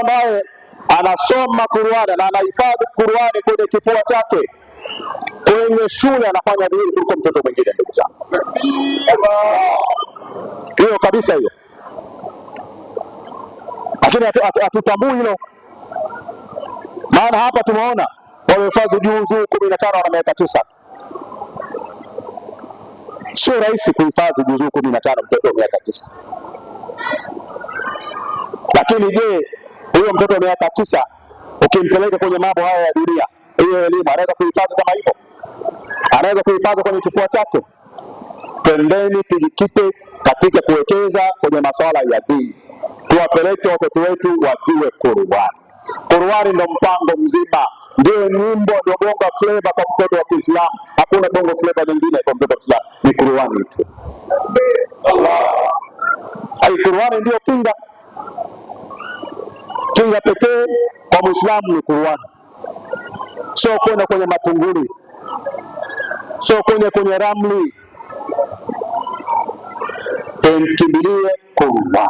ambaye anasoma Qur'ani na anahifadhi Qur'ani kwenye kifua chake kwenye shule anafanya vizuri kuliko mtoto mwingine. Ndugu zangu, hiyo kabisa hiyo, lakini hatutambui hilo. Maana hapa tumeona wamehifadhi juzu kumi na tano na miaka tisa. Sio rahisi kuhifadhi juzuu kumi na tano mtoto wa miaka tisa, lakini je huyo mtoto wa miaka tisa ukimpeleka kwenye mambo haya ya dunia, hiyo elimu anaweza kuhifadhi kama hivyo, anaweza kuhifadhi kwenye kifua chake. Twendeni tujikite katika kuwekeza kwenye masuala ya dini, tuwapeleke watoto wetu wajue Qur'ani. Qur'ani ndo mpango mzima, ndio nyimbo, ndio bongo fleva kwa mtoto wa Kiislamu. Hakuna bongo fleva nyingine kwa mtoto wa Kiislamu, ni Qur'ani tu. Ai, Qur'ani ndio kinga Kinga pekee kwa Muislamu ni Qur'ani, sio kwenda kwenye matunguli, sio kwenda kwenye ramli. Tumkimbilie Qur'ani.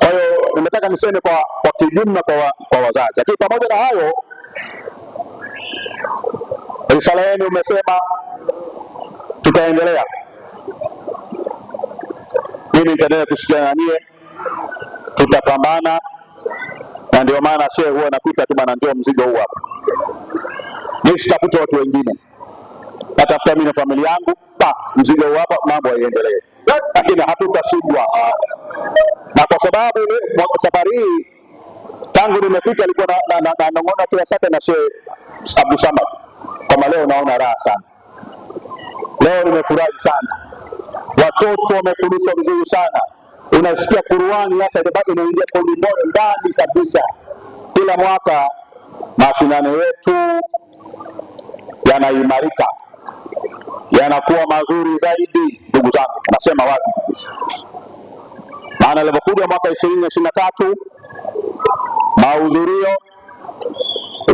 Kwa hiyo nimetaka niseme kwa kwa kijumla kwa, kwa wazazi, lakini pamoja na hayo risala yenu umesema tutaendelea, mimi nitaendelea kusikia na tutapambana, na ndio maana shehe huwa anapita tu bana, ndio mzigo huu hapa. Nisitafute watu wengine, natafuta mimi na familia yangu, pa mzigo huu hapa, mambo yaendelee, lakini hatutashindwa. Na kwa sababu safari hii tangu nimefika alikuwa nanong'ona kila sasa na shehe Abdusamad, kama leo naona raha sana, leo nimefurahi sana, watoto wamefundishwa vizuri sana unasikia Qur'ani sasa bado inaingia kolindoro ndani kabisa. Kila mwaka mashindano yetu yanaimarika, yanakuwa mazuri zaidi. Ndugu zangu, nasema wazi kabisa, maana alipokuja mwaka ishirini na ishirini na tatu mahudhurio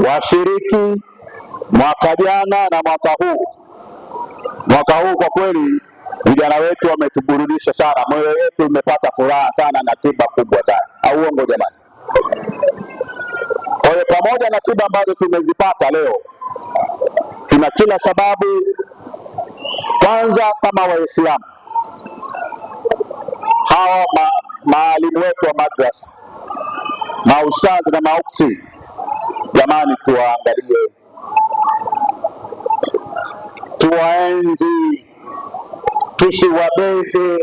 washiriki mwaka jana na mwaka huu, mwaka huu kwa kweli Vijana wetu wametuburudisha sana, moyo wetu umepata furaha sana na tiba kubwa sana, au uongo jamani? Kwa hiyo pamoja na tiba ambazo tumezipata leo, tuna kila sababu kwanza, kama Waislamu hawa ma, maalimu wetu wa madrasa, maustazi na mauksi, jamani, tuwaangalie, tuwaenzi Tusiwabeze,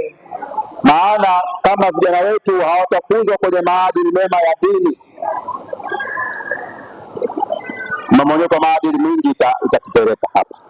maana kama vijana wetu hawatakuzwa kwenye maadili mema ya dini, mmomonyoko maadili mingi itatupeleka hapa.